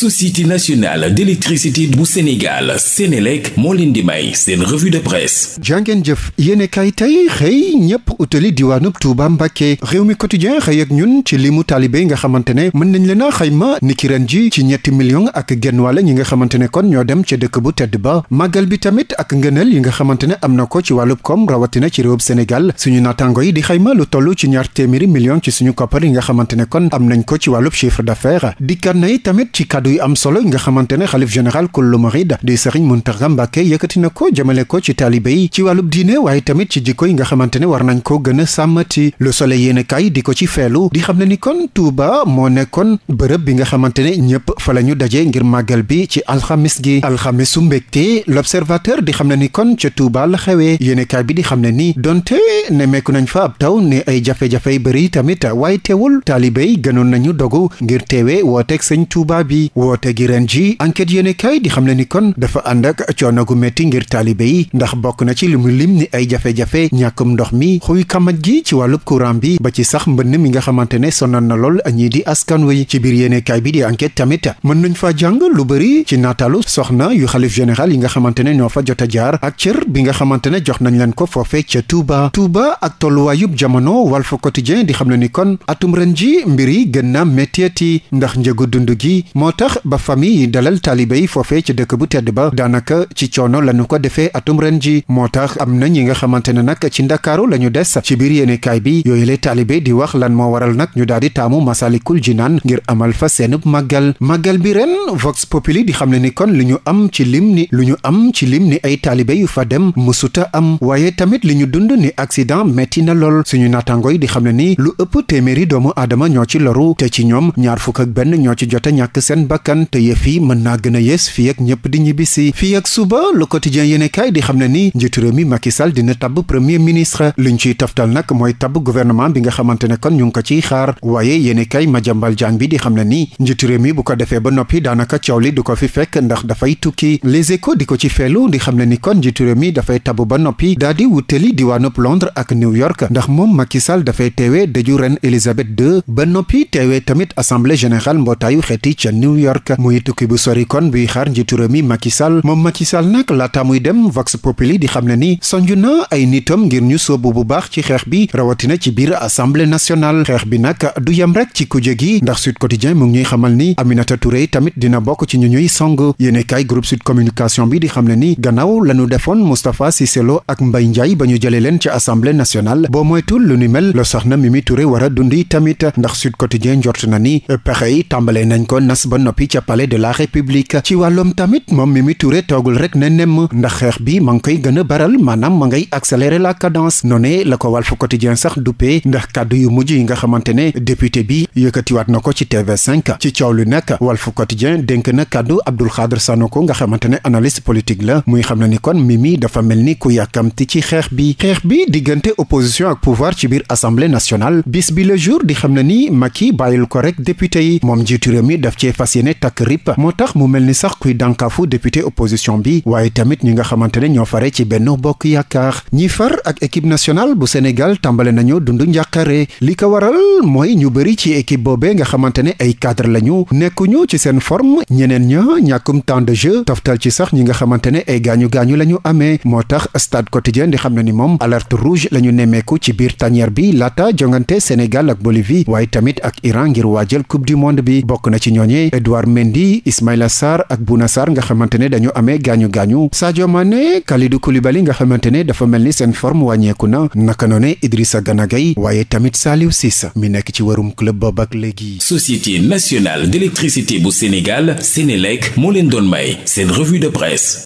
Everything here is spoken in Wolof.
société nationale d'électricité bu Sénégal Sénélec moo leen di may seen revue de presse jàngeen jëf yéene kay tey xëy ñëpp utali diwaanub Tuuba Mbàkke réew mi quotidien xëy ak ñun ci limu taalibe yi nga xamante ne mën nañ leen a xayma niki ren ji ci ñetti million ak genn wàll ñi nga xamante ne kon ñoo dem ca dëkk bu tedd ba màggal bi tamit ak ngëneel yi nga xamante ne am na ko ci wàllub koom rawatina ci réewub Sénégal suñu naataango yi di xayma lu toll ci ñaar téeméeri million ci suñu koppar yi nga xamante ne kon am nañ ko ci wàllub chiffre d'affaires kàddu yu am solo yi nga xamante ne xalif général kullu murid di Serigne Mountakha Mbacké yëkkati na ko jëmale ko ci taalibe yi ci wàllub diine waaye tamit ci jikko nga xamante war nañ ko gën a sàmmati Le Soleil yéenekaay di ko ci feelu di xam ne ni kon Touba moo nekkoon bërëb bi nga xamante ne ñëpp fa ñu daje ngir màggal bi ci alxamis gi alxamisu mbégte L'Observateur di xam ne ni kon ca Touba la xewee yéenekaay bi di xam ne ni donte nemmeeku nañ fa ab taw ne ay jafe-jafey bëri tamit waaye teewul taalibe yi gënoon nañu woote gi ren ji enquête yéene kay di xam ne ni kon dafa ànd ak coono gu métti ngir taalibe yi ndax bokk na ci li mu lim ni ay jafe-jafe ñàkkum ndox mi xuy kamat gi ci wàllu courant bi ba ci sax mbënn mi nga xamante ne sonal na lool ñii di askan wi ci biir yéene bi di enquête tamit mën nañ faa jàng lu bari ci naataalu soxna yu xalif général yi nga xamante ne ñoo fa jot a jaar ak cër bi nga xamante ne jox nañ leen ko foofe ca Touba Touba ak tolluwaayub jamono Walf Quotidien di xam ne ni kon atum ren ji mbir yi gën na ndax njëgu dund sax ba famille yi dalal taalibe yi foofee ci dëkk bu tedd ba daanaka ci coono lañu ko defee atum ren ji moo tax am na ñi nga xamante ne nag ci ndakaaru la ñu des ci biir yéenekaay bi yooyu la taalibe di wax lan moo waral nag ñu daal di taamu Masalikul naan ngir amal fa seenub maggal màggal bi ren Vox Populi di xam ne ni kon li ñu am ci lim ni lu ñu am ci lim ni ay taalibe yu fa dem mësuta am waaye tamit li ñu dund ni accident metti na lool suñu naataango yi di xam ne ni lu ëpp téeméeri doomu aadama ñoo ci loru ci ñoom ñaar fukk benn ñoo ci jote bakkan te yëf yi mën naa gën a yées fii ak ñëpp di ñibbisi fii ak suba le quotidien yéenekaay di xam ne ni njiitu réew mi Macky Sall dina tabb premier ministre ñu ciy taftal nag mooy tabb guvernement bi nga xamante ne kon ñu ngi ko ciy xaar waaye yéenekaay Madiambal Diagne bi di xam ne ni njiitu réew mi bu ko defee ba noppi daanaka coow li di ko fi fekk ndax dafay tukki Les Échos di ko ci feelu di xam ne ni kon njiitu mi dafay tab ba noppi daa di wutali diwaanub Londres ak New York ndax moom Macky Sall dafay teewee daju ren Elizabeth II ba noppi teewee tamit assemblée générale mbootaayu xeeti ca New York muy tukki bu sori kon buy xaar njiitu réew mi Macky Sall moom Macky Sall laata muy dem Vox Populi di xam ne ni sonju na ay nitam ngir ñu sóobu bu baax ci xeex bi rawatina ci biir assemblée nationale xeex bi nag du yem rek ci kuje gi ndax Sud Quotidien mu ngi ñuy xamal ni Aminata Touré tamit dina bokk ci ñu ñuy song yéene kaay groupe Sud Communication bi di xam ne ni gannaaw lañu defoon Moustapha Cissé Lo ak mbay njaay ba ñu jëlee leen ci assemblée nationale boo moytul lu ni mel la soxna Mimi Touré war a dundi tamit ndax Sud Quotidien na ni pexe yi tàmbalee noppi ca palais de ci wàllum tamit moom Mimi Touré toogul rek ne nemm ndax xeex bi ma ngi koy gën a baral maanaam ma ngay accélérer la cadence noonee la ko Walf Quotidien sax duppee ndax kàddu yu mujj yi nga xamante ne député bi yëkkatiwaat na ko ci TV5 ci coow lu nekk Walf Quotidien dénk na kàddu Abdoul Khadre Sanoko nga xamante ne analyste politique la muy xam ne ni kon Mimi dafa mel ni ku yàkkamti ci xeex bi xeex bi diggante opposition ak pouvoir ci biir assemblée nationale bi le jour di xam ne ni Macky bàyyil ko rek député yi moom njiitu réew mi daf yéene takk rip moo tax mu mel ni sax kuy dànkaafu député opposition bi waaye tamit ñi nga xamante ne ñoo fare ci benn bokk yaakaar ñi far ak équipe nationale bu Sénégal tàmbale nañu dund njàqare li ko waral mooy ñu bëri ci équipe boobee nga xamante ne ay cadre lañu nekkuñu ci seen forme ñeneen ña ñàkkum temps de jeu toftal ci sax ñi nga xamante ne ay gaañu gaañu lañu amee moo tax stade quotidien di xam na ni moom alerte rouge lañu nemmeeku ci biir tanière bi laata jongante Sénégal ak Bolivie waaye tamit ak Iran ngir waajal coupe du monde bi bokk na ci ñooñee Edouard Mendy Ismaïla Sarr ak Bouna Sarr nga xamante ne dañu amee gaañu gaañu Sadio Mané Kalidou Koulibaly nga xamante ne dafa mel ni seen forme wàññeeku na naka noone Idrissa Gana Gueye waaye tamit Saliou sax mi nekk ci warum club boobu ak léegi. Société nationale d'électricité bu Sénégal Sénélec moo leen doon may seen revue de presse.